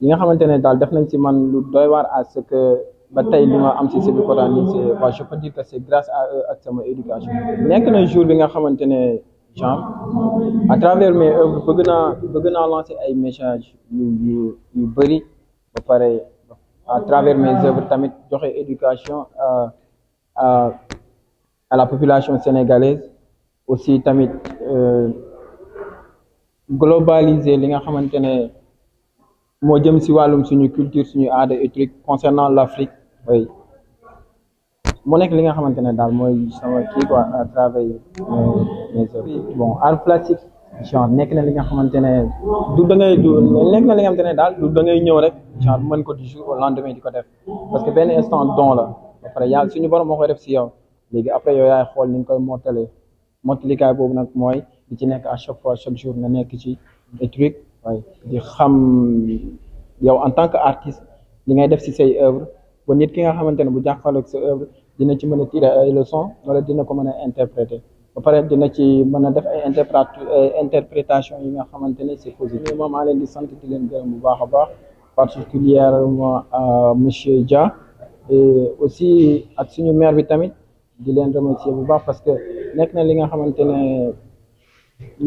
li nga xamantene dal def nañ ci man lu doy war à ce que ba tey li ma am ci Sébikotane nii ni est waaw je peux dire que c'est grâce à eux ak sama éducation nekk na jour bi nga xamantene jean à travers mes œuvres bëgg naa bëgg naa lancer ay messages yu yu yu bëri ba pare à travers mes œuvres tamit joxe éducation à à à la population sénégalaise aussi tamit euh, globaliser li nga xamantene mo jëm ci walum suñu culture suñu aada et truc concernant l'Afrique oui mo nek li nga xamantene dal moy sama ki quoi à travers mes mes bon art plastique genre nek na li nga xamantene du da ngay du nekk na li nga xamantene dal du da ngay ñëw rek genre man ko du jour au lendemain di ko def parce que ben instant don la après ya suñu borom mo koy def ci yow léegi après yow yaay xol ni ngi koy motalé mottalikaay bobu nak moy di ci nek à chaque fois chaque jour nga nek ci et truc di en tant qu'artiste, artiste li ngay def œuvre ba nit ki nga bu dina ci leçons wala dina ko interpréter ba dina ci def interprétation ne positif di di particulièrement à monsieur Dia et aussi à suñu maire bi tamit di parce que na li nga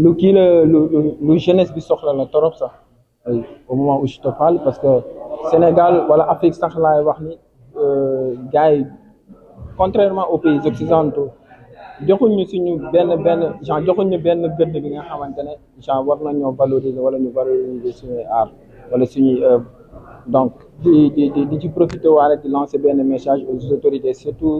lu le, la lu lu jeunesse bi soxla la torop ça au moment où je te parle parce que Sénégal wala Afrique sax la wax ni euh, gars contrairement aux pays occidentaux joxuñu suñu benn benn genre joxuñu benn gëdd bi nga xamantene ne war nañu valoriser wala ñu valoriser suñuy art wala suñuy donc di di di ci profiter wala di lancer benn message aux autorités surtout.